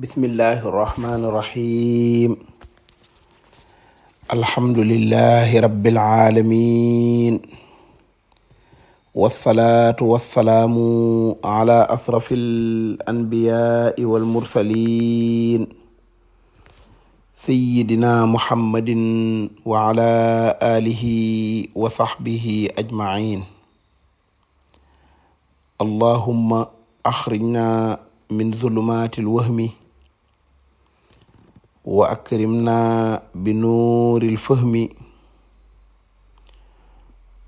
bismillahi irrahmani irrahim alhamdulilahi rabiilalamin walsalaatu walsalaamu ala asrafi alanbiyaai walmursalin sayidina muhammadin wa ala alihi wa saxbihi ajmain allahumma axrijna min zulumaati alwahmi wa akrimna bi nuuril fahmi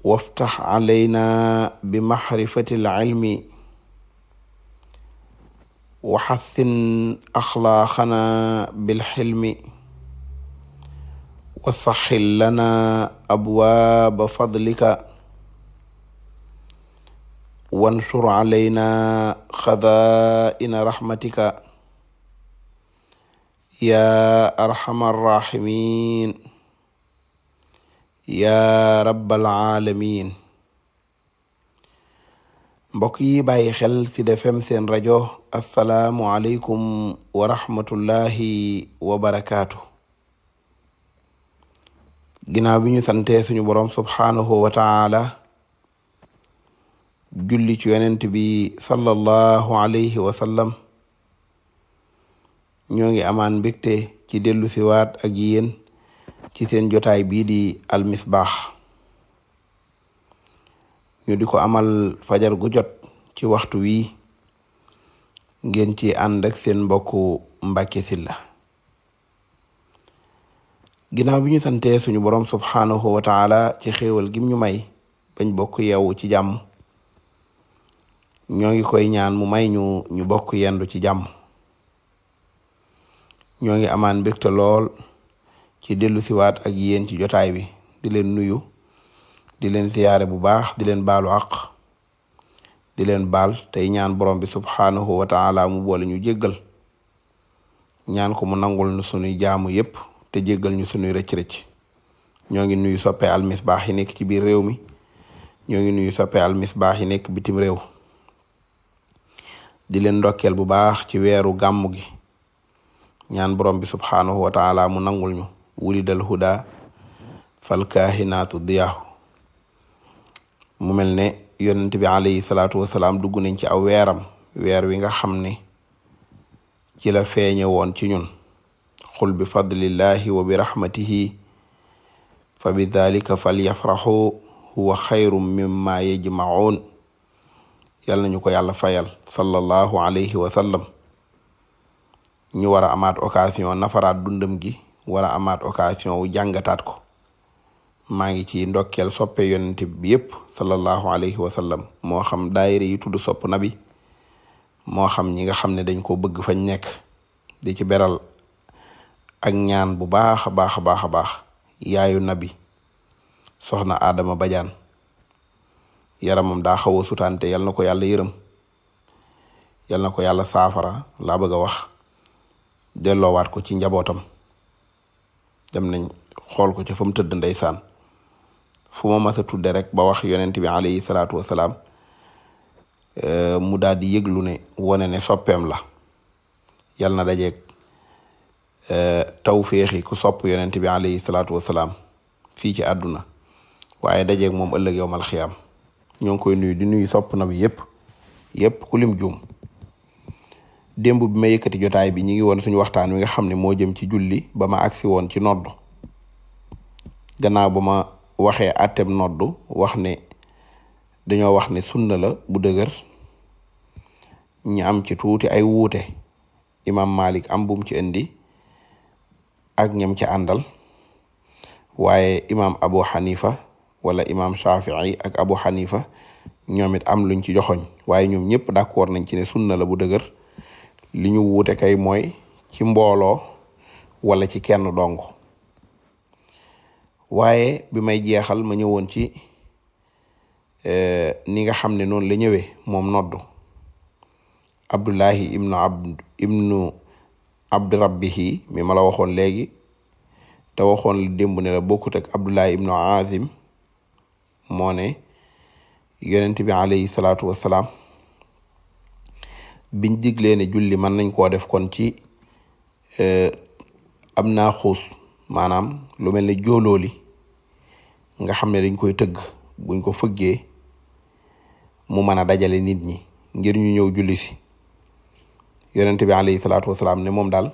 waftax calayna bi maxrifatil cilmi wa xassin axlaaqana bil xilmi wa saxxil lana abwaaba fadlika wansur calayna xazaa'ina raxmatika yaa arhamar raahimiin yaa rabbal aalamiin mbokk yi bàyyi xel ci Sud seen rajo asalaamu aleykum wa rahmatullahi wa barakaatu. ginnaaw bi ñu sante suñu boroom subhaanahu wa julli ci yonent bi sallallahu alayhi wa ñoo ngi amaan mbégte ci dellu siwaat ak yéen ci seen jotaay bii di almisbaax ñu di ko amal fajar gu jot ci waxtu wii ngeen ci ànd seen mbokku Mbàkke Sylla ginnaaw bi ñu santee suñu borom subhaanahu wa taala ci xéewal gim ñu may bañ bokk yeewu ci jàmm ñoo ngi koy ñaan mu may ñu ñu bokk yendu ci jàmm ñoo ngi amaan mbégte lool ci dellu siwaat ak yéen ci jotaay bi di leen nuyu di leen siyaare bu baax di leen baalu àq di leen baal tey ñaan borom bi subhaanahu wa taala mu boole ñu jéggal ñaan ko mu nangul nu sunuy jaamu yépp te jéggal ñu sunuy rëcc-rëcc ñoo ngi nuyu soppe Al Misbah yi nekk ci biir réew mi ñoo ngi nuyu soppe Al Misbah yi nekk bitim réew di leen ndokkeel bu baax ci weeru gàmm gi ñaan borom bi subhaanahu wa mu nangul ñu wulidal huda falkaahinaatu diyaahu mu mel ne yonent bi alayhi salaatu wasalaam dugg nañ ci aw weeram weer wi nga xam ne ci la feeñe woon ci ñun xul bi fadlillahi wa bi rahmatihi fa bi dalika falyafraxu huwa xayrum mimma yajmaun yal nañu ko yàlla fayal sallallahu alayhi wa ñu war a amaat occasion nafaraat dundam gi war a amaat occasion wu jàngataat ko maa ngi ci ndokkeel soppe yonente bi yépp sallallahu alayhi wa moo xam daayira yi tudd sopp na bi moo xam ñi nga xam ne dañ ko bëgg fañ nekk di ci beral ak ñaan bu baax a baax a baax a baax yaayu nabi soxna Adama Badiane yaram moom xaw a sutante yal na ko yàlla yërëm yal na ko yàlla saafara laa bëgg a wax delloowaat ko ci njabootam dem nañ xool ko ci fa mu tëdd ndeysaan fu ma mas a tudde rek ba wax yonent bi alayhi salaatu wasalaam euh, mu daal di yëglu ne wane ne soppeem la yal na taw euh, tawféexi ku sopp yonent bi alayhi salaatu wasalaam fii ci àdduna waaye dajeeg moom ëllëg yowmal xiyaam ñoo ngi koy nuyu di nuyu sopp na bi yépp yépp ku lim juum démb bi ma yëkkati jotaay bi ñi ngi woon suñu waxtaan wi nga xam ne moo jëm ci julli ba ma agsi woon ci nodd gannaaw ba ma waxee àtteem nodd wax ne dañoo wax ne sunna la bu dëgër ñam ci tuuti ay wuute imam malik am bum ci indi ak ñam ci àndal waaye imam abu xanifa wala imam shafii ak abu xanifa ñoom it am luñ ci joxoñ waaye ñoom ñëpp d'accord nañ ci ne sunna la bu dëgër li ñu wuute kay mooy ci mbooloo wala ci kenn dong waaye bi may jeexal ma ñëwoon ci eh, ni nga xam ne noonu la ñëwee moom noddu abdullahi ibnu abd ibnu abdi rabbihi mi mala la waxoon léegi te waxoon la démb ne la bokkut ak abdullahi ibnu azim moo ne yonent bi alayhi salaatu wassalaam biñ diglee ne julli mën nañ koo def kon ci e, am naa xuus maanaam lu mel ne joolooli nga xam ne dañ koy tëgg buñ ko fëggee mu mën a dajale nit ñi ngir ñu ñëw julli si yonente bi alayhi salaatu wasalaam ne moom daal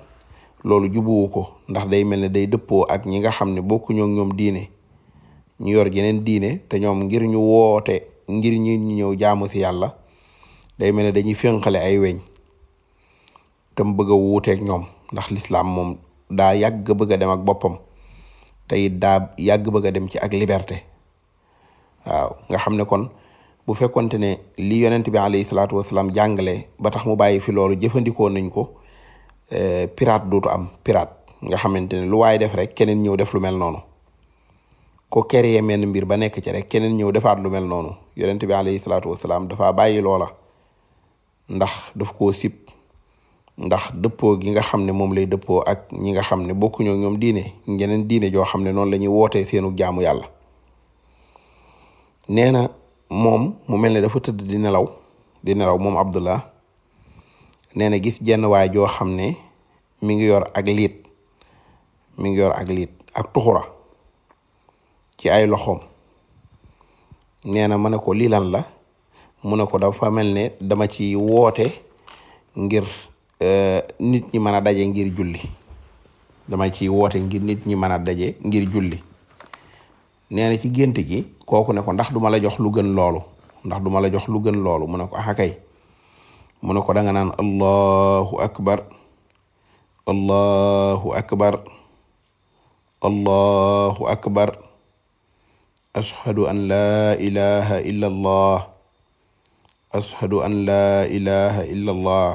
loolu jubuwu ko ndax day mel ne day dëppoo ak ñi nga xam ne bokkuñoo ak ñoom diine ñu yor jeneen diine te ñoom ngir ñu woote ngir ñi ñu ñëw jaamu si yàlla day mel ne dañuy fénqale ay weñ tam bëgg a ñoom ndax lislaam moom daa yàgg bëgg dem ak boppam te it daa yàgg bëgg dem ci ak liberté waaw nga xam ne kon bu fekkonte ne li yonent bi alayhi salaatu wasalaam jàngale ba tax mu bàyyi fi loolu jëfandikoo nañ ko eh, pirate dootu am pirate nga xamante ne lu waaye def rek keneen ñëw def lu mel noonu ko kere menn mbir ba nekk ci rek keneen ñëw defaat lu mel noonu yonent bi alayhi salaatu wasalaam dafa bàyyi loola ndax def ko sib ndax dëppoo gi nga xam ne moom lay dëppoo ak ñi nga xam ne bokkuñoo ñoom diine ñeneen diine joo xam ne noonu la ñuy wootee seenu jaamu yàlla nee na moom mu mel ne dafa tëdd di nelaw di nelaw moom Abdullah nee na gis jenn waa joo xam ne mi ngi yor ak liit mi ngi yor ak liit ak tuxura ci ay loxoom nee na ma ne ko lii la mu ne ko dafa mel ne dama ci woote ngir euh, nit ñi mën a daje ngir julli dama ci woote ngir nit ñi mën a daje ngir julli nee ci gént gi kooku ne ko ndax duma la jox lu gën loolu ndax duma la jox lu gën loolu mu ne ko axa kay mu ne ko danga nga naan allahu akbar allahu akbar allahu an laa ilaha illa ashhadu an laa ilaha illa allah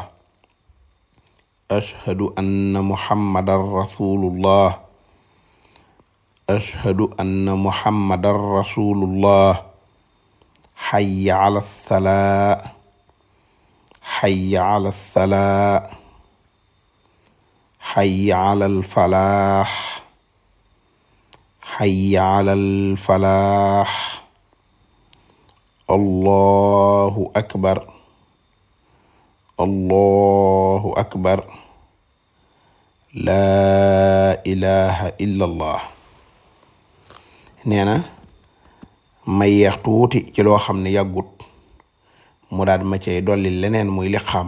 ashhadu anna muhammadan rasulullah ashhadu anna muhammadan rasulullah xayya ala salaa xayya ala salaa xayya ala alfalaax xayya ala alfalaax allahu akbar allahu akbar laa ilaha illa allah nee na ma yeex tuuti ci loo xam ne yàggut mu daal ma cay dolli leneen muy liqaam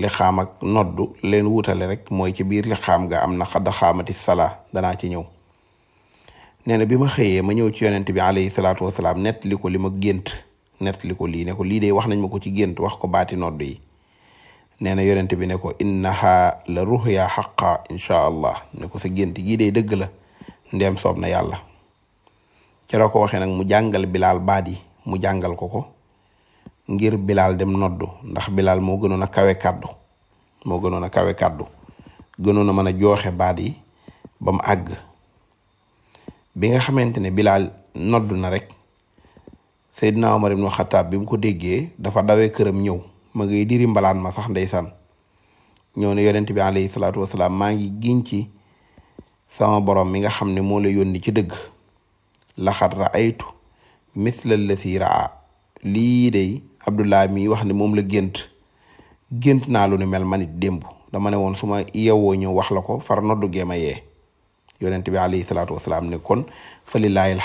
liqaam ak noddu len wutale rek mooy ci biir liqaam ga am na xadda xaamati salaa danaa ci ñëw nee na bi ma xëyee ma ñëw ci yonent bi alayhi salaatu wasalaam nettali ko li ma gént nettali ko lii ne ko lii de wax nañ ma ko ci gént wax ko baati nodd yi nee na yonent bi ne ko innaha la ruhya xaqa inchaa allah ne ko sa gént gii de dëgg la ndem soob na yàlla ceroo ko waxee nag mu jàngal bilaal baat yi mu jàngal ko ko ngir bilaal dem noddu ndax bilaal moo gënoon a kawe kàddu moo gënoon a kawe kàddu gënoon a mën a jooxe baat yi ba àgg bi nga xamante ne Bilaal nodd na rek Seydina Omar ibnu Xataab bi mu ko déggee dafa dawee këram ñëw ma ngay diri mbalaan ma sax ndeysaan ñëw ne yonent bi alayhi salaatu wasalaam maa ngi giñ ci sama borom mi nga xam ne moo la ni ci dëgg laxat raaytu misla lasi raa lii day Abdullah mi wax ne moom la gént gént naa lu ne mel manit démb dama ne woon su ma yewoo ñëw wax la ko far noddu gee ma yonent bi alayhi salaatu wasalaam ne kon fa lillaahi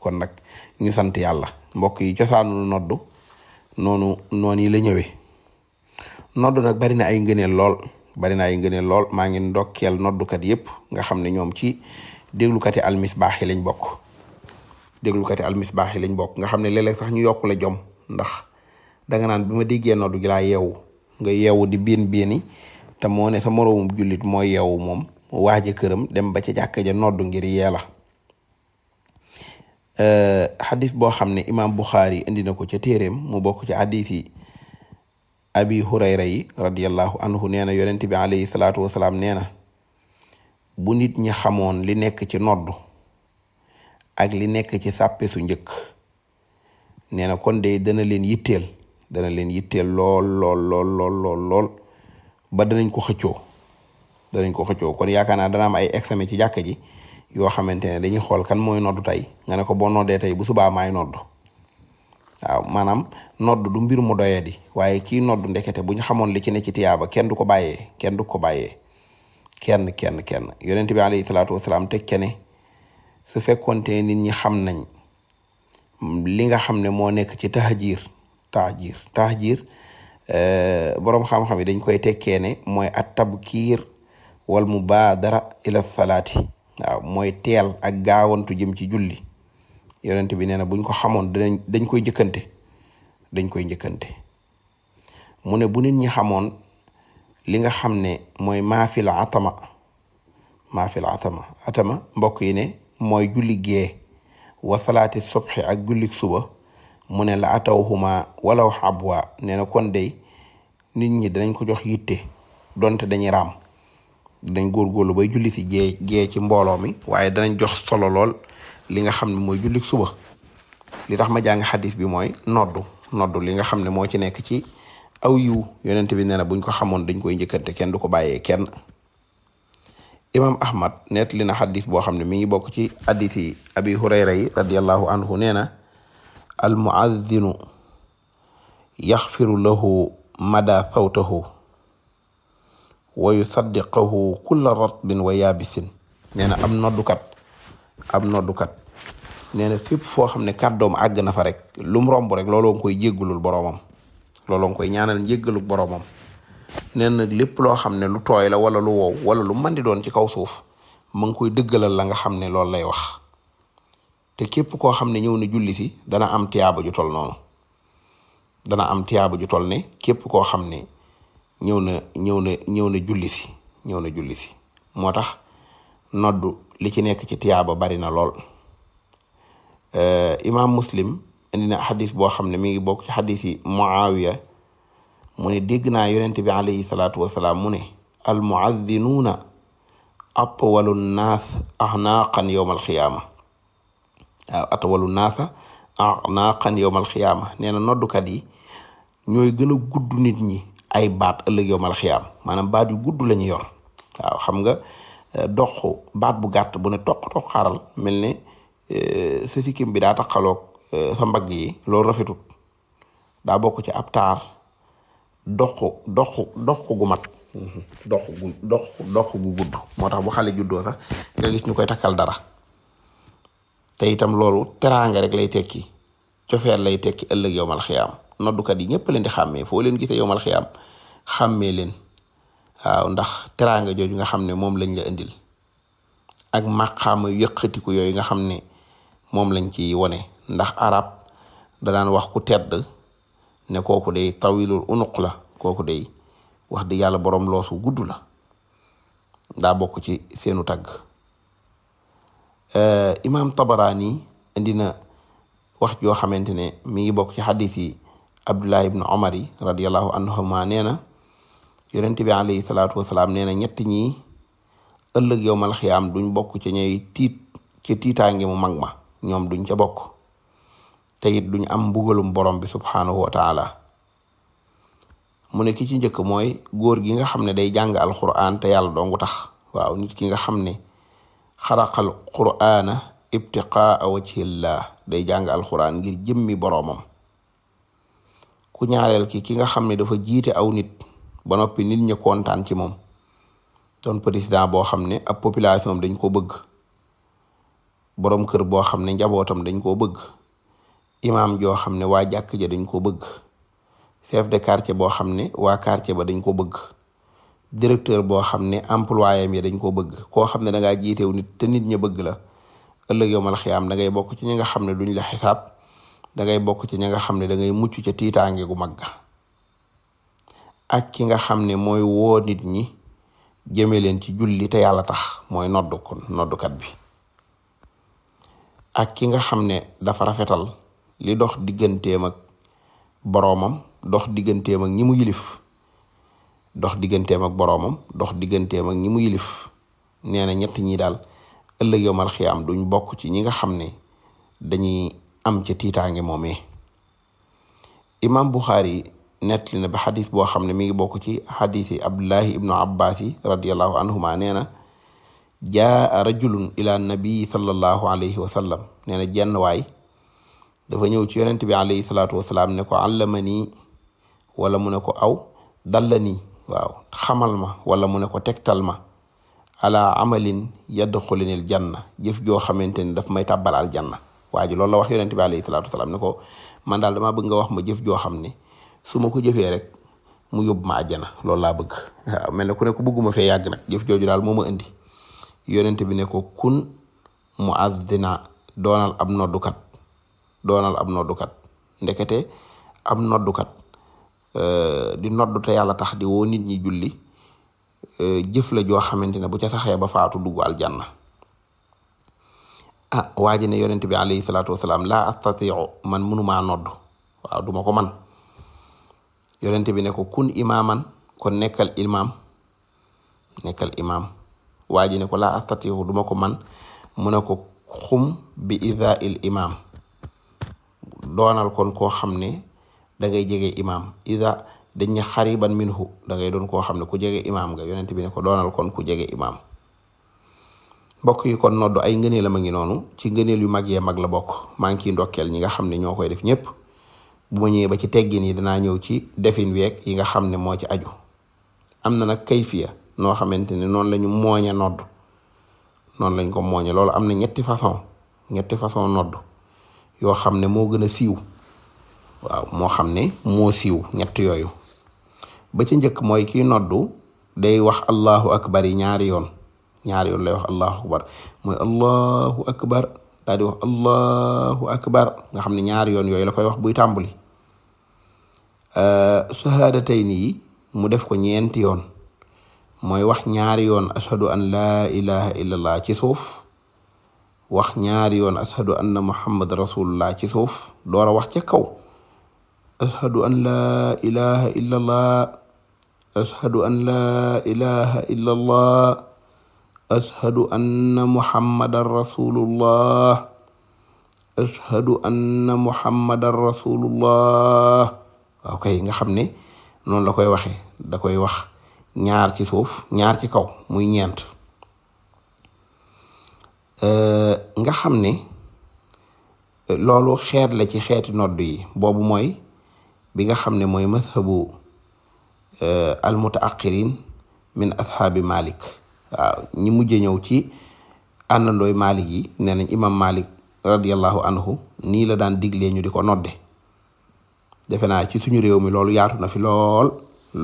kon nag ñu sant yàlla mbokk yi cosaanu noddu noonu noonu yi la ñëwee noddu nag bari na ay ngëneel lool bari na ay ngëneel lool maa ngi ndokkeel noddukat yëpp nga xam ne ñoom ci déglukati almisbaax yi lañ bokk déglukati almisbaax yi lañ bokk nga xam ne léeg-léeg sax ñu yokk jom ndax danga naan bi ma déggee noddu gi laa yeewu nga yeewu di biin biini te moo ne sa moroomum jullit moo yeewu moom waaja këram dem ba ca jàkka ja noddu ngir yeela euh, xadis boo xam ne imaam Buxaari indi na ko ca téeréem mu bokk ci xadis yi abi hurayra yi radiallahu anhu nee na yonent bi alayhi salaatu wasalaam nee na bu nit ñi xamoon li nekk ci nodd ak li nekk ci sàppe su njëkk nee na kon de dana leen yitteel dana leen yitteel lool lool lool lool lool lool ba danañ ko xëccoo danañ ko xëccoo kon yaakaar naa dana ay examen ci jàkka ji yoo xamante ne dañuy xool kan mooy noddu tey nga ne ko boo noddee tey bu subaa maay noddu waaw maanaam noddu du mbir mu doyadi waaye kii noddu ndekete bu ñu xamoon li ci ne ci tiyaaba kenn du ko bàyyee kenn du ko bàyyee kenn kenn kenn yonent bi alayhi salaatu wasalaam teg ke ne su fekkoonte nit ñi xam nañ li nga xam ne moo nekk ci tahajir tahajir tahajir eh, borom xam-xam yi dañ koy tekkee ne mooy at tabkiir wala wal mubaadara ila salaati waaw mooy teel ak gaawantu jëm ci julli yonent bi nee na buñ ko xamoon dinañ dañ koy njëkkante dañ koy njëkkante mu ne bu nit ñi xamoon li nga xam ne mooy maafil atama maafil atama atama mbokk yi ne mooy julli gee wa salaati subhi ak julli suba mu ne la atawhuma walaw abwa nee na kon dey nit ñi danañ ko jox yitte donte dañuy raam danañ góorgóorlu bay julli si jee jee ci mbooloo mi waaye danañ jox solo lool li nga xam ne mooy julli suba li tax ma xadis bi mooy noddu noddu li nga xam ne moo ci nekk ci aw yiw yonent bi nee na buñ ko xamoon dañ koy njëkkante kenn du ko bàyyee kenn imam ahmad net li na xadis boo xam ne mi ngi bokk ci hadis yi abi hurayra yi radiallahu anhu nee na al muazzinu yaxfiru lahu mada fawtahu wayu wa yusaddiqahu kulla ratbin wa yaabisin nee na am noddukat ab noddukat nee na fépp foo xam ne kàddoom àgg na fa rek lu mu romb rek looloo ngi koy jéggalul boroomam looloo ngi koy ñaanal jéggalu boromam nee na lépp loo xam ne lu tooy la wala lu wow wala lu mën di doon ci kaw suuf mu ngi koy dëggalal la nga xam ne loolu lay wax te képp koo xam ne ñëw na julli si dana am tiyaaba ju tol noonu dana am tiyaaba ju tol ne képp koo xam ne ñëw na ñëw na ñëw na julli si ñëw na julli si moo tax noddu li ci nekk ci tiyaaba bari na lool eh, imaam muslim indi na xadis boo xam ne mi ngi bokk ci xadis yi muawiya mu ne dégg naa yonent bi alayhi salaatu wasalaam mu ne al muazzinuuna atwalu nnaas axnaaqan yowma alxiyaama waaw atwalu naasa axnaaqan na noddukat yi ñooy gën a gudd nit ñi ay baat ëllëg yow mal xiyaam maanaam baat yu gudd la yor waaw xam nga eh, dox baat bu gàtt bu ne toq toq xaaral mel ne eh, sa sikkim bi daa taqaloog eh, sa mbag yi loolu rafetut daa bokk ci ab taar dox dox dox gu mat mm-hmm. dox gu dox dox gu gudd moo tax bu xale juddoo sax nga gis ñu koy takkal dara te itam loolu teraanga rek lay tekki cofeel lay tekki ëllëg yow mal noddukat yi ñëpp leen di xàmmee foo leen gisee yowmal xiyaam xàmmee leen waaw ndax teraanga jooju nga xam ne moom lañ la indil ak maqaama yëqatiku yooyu nga xam ne moom lañ ci wone ndax arab da daan wax ku tedd ne kooku day tawilul unuq la kooku dey wax di yàlla boroom loosu gudd la daa bokk ci seenu tagg euh, imaam tabaraani indi na wax joo xamante ne mi ngi bokk ci xadis abdullah ibnu omar yi radiallahu anhuma nee na yonent bi alayhi salaatu wasalaam nee na ñett ñi ëllëg yow mal duñ bokk ca ñooy tiit ca mu mag ma ñoom duñ ca bokk te it duñ am mbugalum borom bi subhaanahu wa taala mu ne ki ci njëkk mooy góor gi nga xam ne day jàng alquran te yàlla dongu tax waaw nit ki nga xam ne xaraqal quraana ibtiqaa wajhillah day jàng alquran ngir jëmmi boroomam ku ñaareel ki ki nga xam ne dafa jiite aw nit ba noppi nit ñi kontaan ci moom doon président boo xam ne ab population dañ ko bëgg borom kër boo xam ne njabootam dañ koo bëgg imaam joo xam ne waa jàkk ja dañ ko bëgg chef de quartier boo xam ne waa quartier ba dañ ko bëgg directeur boo xam ne employé am ya dañ koo bëgg koo xam ne da ngaa jiitew nit te nit ña bëgg la ëllëg yomal xiyaam da dangay bokk ci ñi nga xam ne duñ la xisaab dangay bokk ci ñi nga xam ne dangay mucc ca tiitaange gu mag ak ki nga xam ne mooy woo nit ñi jéeme leen ci julli te yàlla tax mooy noddu kon noddukat bi ak ki nga xam ne dafa rafetal li dox digganteem ak boroomam dox digganteem ak ñi mu yilif dox digganteem ak boroomam dox digganteem ak ñi mu yilif nee na ñett ñi daal ëllëg yomal xiyaam duñ bokk ci ñi nga xam ne dañuy am ca tiitaange moomee imam Buxaari nettali na ba xadis boo xam ne mi ngi bokk ci xadisi abdullahi ibnu abbas yi radiallahu anhuma nee na jaa rajulun ila nee na jenn waay dafa ñëw ci yonent bi alayhi salaatu wasalaam ne ko allama nii wala mu ne ko aw dalla nii waaw ma wala mu ne ko tegtal ma ala amalin yadxulunil janna jëf joo xamante ni daf may tàbbal aljanna waa ji loolu la wax yonente bi alayhi salaatu wasalaam ne ko mandaal daal damaa bëgg nga wax ma jëf joo xam ne su ma ko jëfee rek mu yóbbu ma àjjana loolu laa bëgg waaw mel ne ku ne ko bëgguma fee yàgg nag jëf jooju daal moo ma indi yonente bi ne ko kun mu addina doonal am noddukat doonal am noddukat ndekete am noddukat euh, di noddu te yàlla tax di woo nit ñi julli euh, jëf la joo xamante ne bu ca saxee ba faatu dugg aljanna ah waa ji ne yonent bi alayhi salaatu wasalaam laa astatiu man munumaa nodd waaw duma ko man yonent bi ne ko kun imaaman kon nekkal imaam nekkal imam waa ne ko laa astatiu duma ko man mu ne ko xum bi ida il imaam doonal kon koo xam ne da ngay jege imaam ida dañ ne xariban minhu da ngay doon koo xam ne ku jege imaam nga yonent bi ne ko doonal kon ku jege imam mbokk yi kon noddu ay ngëneel am a ngi noonu ci ngëneel yu mag yee mag la bokk maa ngi ndokkeel ñi nga xam ne ñoo koy def ñëpp bu ma ñëwee ba ci teggin yi danaa ñëw ci defin weeg yi nga xam ne moo ci aju am na nag kayfiya noo xamante ne noonu la mooñe nodd noonu lañ ko mooñe loolu am na ñetti façon ñetti façon nodd yoo xam ne moo gën a siiw waaw moo xam ne moo siiw ñett yooyu ba ci njëkk mooy kiy noddu day wax allahu akbar ñaari yoon ñaari yoon lay wax allahu akbar mooy allahu akbar daal di xam ne ñaari yoon yooyu la koy wax buy tàmbali euh, shahaadatayni yi mu def ko ñeenti yoon mooy wax ñaari yoon ashadu an laa ilaha illallah ci suuf wax ñaari yoon ashadu anna muhammad rasulullah ci suuf door a wax ca kaw ashadu an laa ilaha illallah ashhadu anna muhammadan rasulullah ashhadu anna muhammadan rasulullah waaw nga xam ne noonu la koy waxee da koy wax ñaar ci suuf ñaar ci kaw muy ñeent nga xam ne loolu xeet ci xeeti nodd yi boobu mooy bi nga xam ne mooy mazhabu al mutaaxirin min ashaabi malik waaw ñi mujj ñëw ci àndandooy Malik yi nee nañ imam Malik radiallahu anhu nii la daan diglee ñu di ko nodde defe naa ci suñu réew mi loolu yaatu na fi lool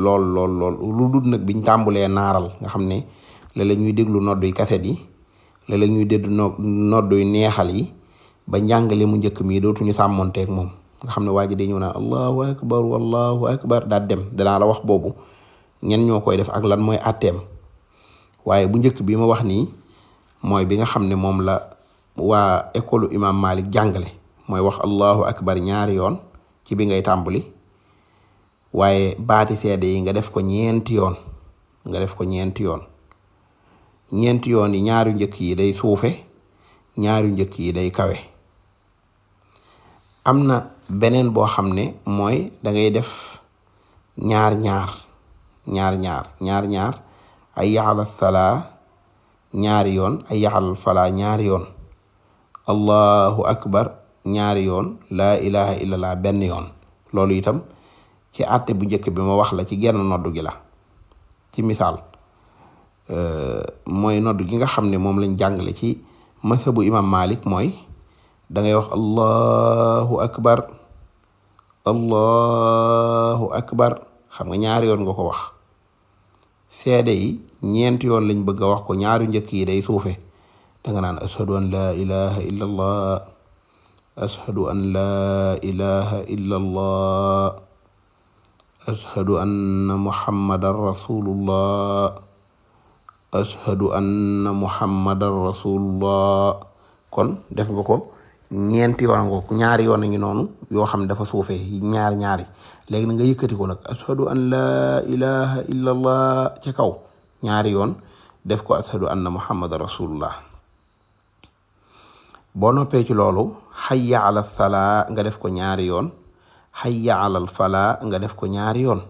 lool lool lool lu dul nag biñ tàmbulee naaral nga xam ne la la ñuy déglu nodduy kaset yi la la ñuy déglu nodduy neexal yi ba njàngale mu njëkk mii dootuñu sàmmonteeg moom nga xam ne waa de ñëw naan allahu akbar wallahu akbar daat dem danaa la wax boobu ñen ñoo koy def ak lan mooy àtteem waaye bu njëkk bi ma wax nii mooy bi nga xam ne moom la wa école imam Malik jàngale mooy wax allahu akbar ñaari yoon ci bi ngay tàmbali waaye baati seede yi nga def ko ñeenti yoon nga def ko ñeenti yoon ñeenti yoon yi ñaaru njëkk yi day suufe ñaari njëkk yi day kawe am na beneen boo xam ne mooy dangay def ñaar ñaar ñaar ñaar ñaar ñaar ay yaxal sala ñaari yoon ay yaxal falaa ñaari yoon allahu akbar ñaari yoon laa ilaha illallah benn yoon loolu itam ci àtte bu njëkk bi ma wax la ci genn noddu gi la ci misaal mooy noddu gi nga xam ne moom lañ jàngale ci masabu imam malik mooy da wax allahu akbar allahu akbar xam nga ñaari yoon nga ko wax seede yi ñeenti yoon lañ bëgg a wax ko ñaaru njëkk yi day suufe danga naan ashadu an laa ilaha illa allah ashadu an laa ilaha illa allah ashadu anna muhammadan rasulullah ashadu anna muhammadan kon def nga ko ñeenti yoon nga ko ñaari yoon a ngi noonu yoo xam ne dafa suufee ñaar ñaari léegi na nga yëkkati ko ashadu an laa ilaha illa ci kaw ñaari yoon def ko ashadu anna muhammadan rasulullah boo noppee ci loolu xayya ala salaa nga def ko ñaari yoon xayya falaa nga def ko ñaari yoon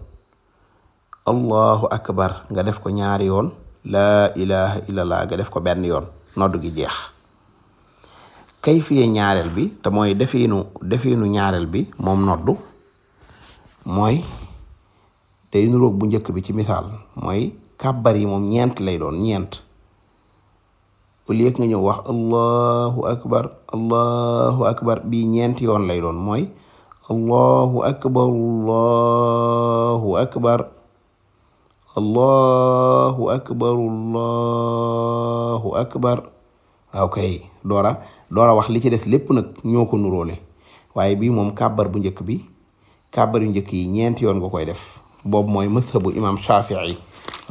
allahu akbar nga def ko ñaari yoon laa ilaha nga def ko benn yoon noddu gi jeex kayfiye ñaareel bi te mooy defiinu defiinu ñaareel bi moom noddu mooy day nuroog bu njëkk bi ci misaal mooy kàbbar yi moom ñeent lay doon ñeent au lieu nga ñëw wax allahu akbar allahu akbar bii ñeent yoon lay doon mooy allahu akbar allahu akbar allahu akbar allahu akbar ah, ok doora wax li ci des lépp nag ñoo ko nuróole waaye bii moom kàbbar bu njëkk bi kàbbar yu njëkk yi ñeent yoon nga koy def boobu mooy mazhabu imam shafii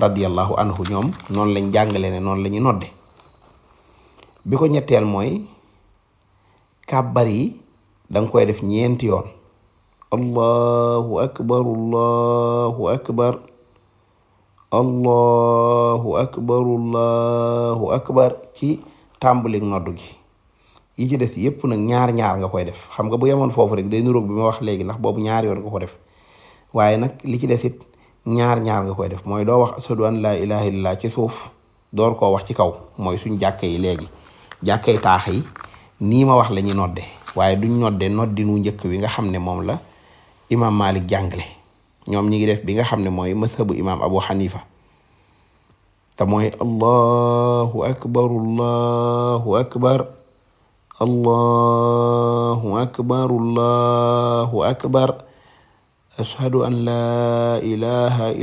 radiallahu anhu ñoom noonu lañ jàngale ne noonu la ñu nodde bi ko ñetteel mooy kàbbar yi da koy def ñeenti yoon allahu akbar allahu akbar allahu akbar allahu akbar ci tàmbali noddu gi yi ci des yépp na ñaar ñaar nga koy def xam nga bu yemoon foofu rek day nuroog bi ma wax léegi ndax boobu ñaari yoon nga ko def waaye nag li ci des ñaar ñaar koy def mooy doo wax ashadu an laa ilaha illallah ci suuf door ko wax ci kaw mooy suñ jàkke yi léegi jàkke yi yi nii ma wax la nodde waaye duñ nodde noddinu njëkk wi nga xam ne moom la imam Malik jàngale ñoom ñi ngi def bi nga xam ne mooy mazhabu imam Abu Hanifa te mooy allahu akbar allahu akbar ashhadu an laa ilaha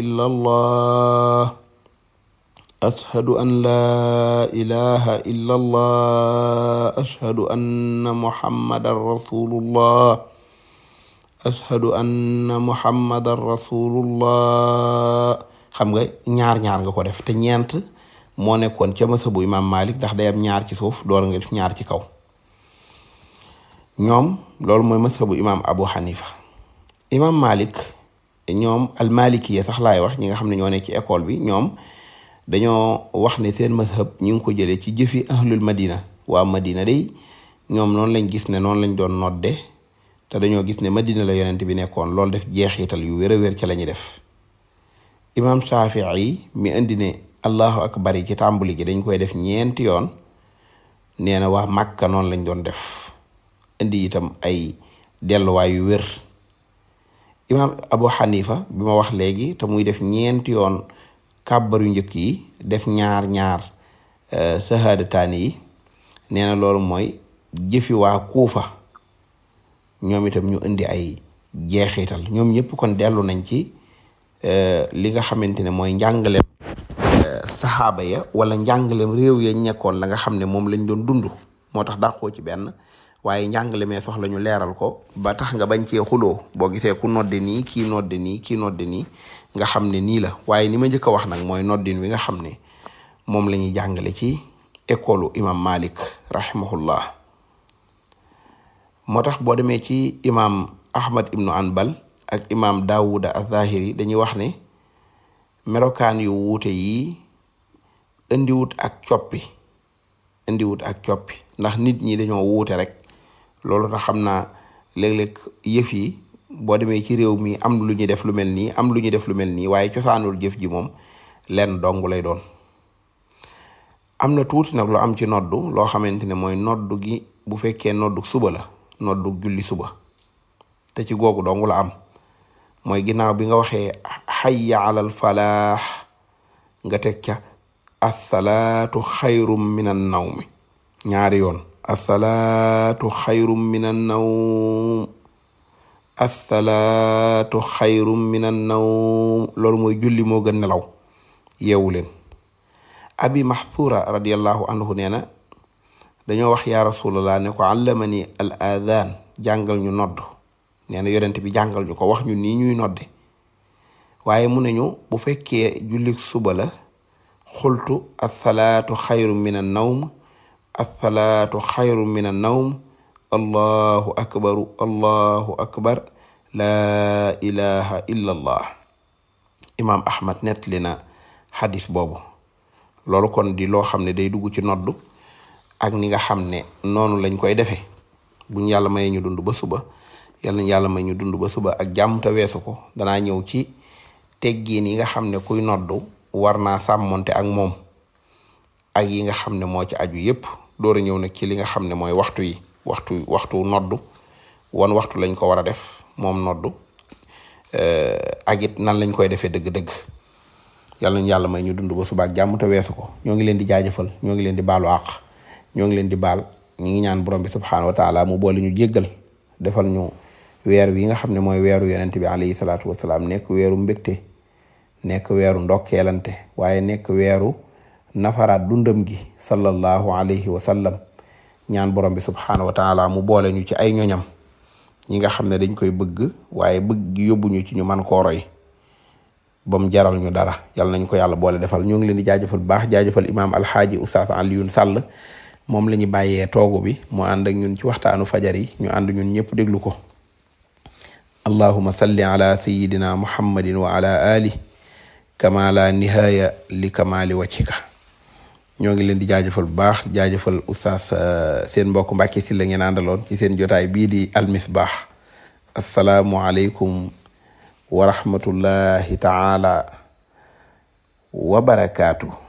ashhadu an laa ilaha illa allah ashhadu anna muhammadan rasulullah ashhadu anna muhammadan rasulullah xam nga ñaar ñaar nga ko def te ñeent moo nekkoon ca masa bu imaam Malik ndax day ñaar ci suuf door nga def ñaar ci kaw ñoom loolu mooy masa imaam Abu Hanifa imam malik ñoom almalikiya sax laay wax ñi nga xam ne ñoo nekk ci école bi ñoom dañoo wax ne seen mazhab ñu ngi ko jëlee ci jëfi ahlul madina waa madina day ñoom noonu lañ gis ne noonu lañ doon nodde te dañoo gis ne madina la yonent bi nekkoon loolu def jeexital yu wër a wér ci la ñuy def imam shafii mi indi ne allahu akbar yi ci tàmbali gi dañ koy def ñeenti yoon nee na waa màkka noonu lañ doon def indi itam ay delluwaay yu wér imaam Abu Hanifa bi ma wax léegi te muy def ñeenti yoon kàbbar yu njëkk yi def ñaar ñaar euh, sahaadataani yi nee na loolu mooy jëfi kuufa ñoom itam ñu indi ay jeexital ñoom ñëpp kon dellu nañ ci euh, li nga xamante ne mooy njàngaleem euh, saxaaba ya wala njàngaleem réew ya ñekkoon la nga xam ne moom lañ doon dund moo tax dàqoo ci benn waaye njàngale mee soxla ñu leeral ko ba tax nga bañ cee xuloo boo gisee ku noddi nii kii noddi ni kii noddi nii nga xam ne nii la waaye ni ma njëkk a wax nag mooy noddin wi nga xam ne moom la ñuy jàngale ci école imam Malik rahimahullah moo tax boo demee ci imam Ahmad ibnu Anbal ak imam Daawuda az-Zahiri dañuy wax ne melokaan yu wuute yi indiwut ak coppi indiwut ak coppi ndax nit ñi dañoo wuute rek loolu tax xam naa léeg-léeg yëf yi boo demee ci réew mi am lu ñuy def lu mel nii am lu ñuy def lu mel nii waaye cosaanul jëf ji moom lenn dong lay doon am na tuuti nag lu am ci noddu loo xamante ne mooy noddu gi bu fekkee noddu suba la noddu julli suba te ci googu dong la am mooy ginnaaw bi nga waxee xayya alal falaax nga teg ca assalaatu xayrum minan naw mi ñaari yoon asalaatu xayrum min annawm asalaatu xayrum min annawm lolu mooy julli moo gën nelaw yeewu leen abi mahpura radiallahu anhu nee na dañoo wax yaa rasulallah ne ko allamani al adaan jàngal ñu nodd nee na yonent bi jàngal ñu ko wax ñu nii ñuy nodde waaye mu nañu bu fekkee jullik suba la xultu asalaatu xayrum min annawm alsalaatu xayru min annawm allahu akbaru allahu akbar laa ilaha illa allah ahmad nettali na xadis boobu loolu kon di loo xam ne day dugg ci noddu ak ni nga xam ne noonu lañ koy defee buñ yàlla mayee ñu dund ba suba yàlla nañ yàlla may ñu dund ba suba ak jàmm ko danaa ñëw ci teggiin yi nga xam ne kuy noddu war naa sàmmonte ak moom ak yi nga xam ne moo ci aju yépp door a ñëw nag ci li nga xam ne mooy waxtu yi waxtu waxtu noddu wan waxtu lañ ko war a def moom noddu eh, ak it nan lañ koy defee dëgg-dëgg yàlla na yàlla ñu dund ba subaak jàmm te weesu ko ñoo ngi leen di jaajëfal ñoo ngi leen di baalu àq ñoo ngi leen di baal ñu ngi ñaan borom bi subhaanahu wa taala mu boole ñu jéggal defal ñu weer wi nga xam ne mooy weeru yonent bi alayhi salaatu salaam nekk weeru mbégte nekk weeru ndokkeelante waaye nekk weeru nafaraat dundam gi sallallahu alayhi wa ñaan borom bi subhaanahu wa mu boole ñu ci ay ñoñam ñi nga xam ne dañ koy bëgg waaye bëgg yóbbuñu ci ñu man koo roy ba mu jaral ñu dara yal nañ ko yàlla boole defal ñu ngi leen di jaajëfal bu jaajëfal imaam alxaaji oustaz Alioune Sall moom la ñu bàyyee toogu bi mu ànd ak ñun ci waxtaanu fajar yi ñu ànd ñun ñëpp déglu ko allahuma salli ala sayidina muhammadin wa ala ali kamaala nihaaya li kamaali waccika ñoo ngi leen di jaajëfal bu baax jaajëfal oustaz euh, seen mbokk Mbàkke si la ngeen àndaloon ci seen jotaay bii di almisbaax asalaamualeykum wa rahmatullahi taala wa barakaatu.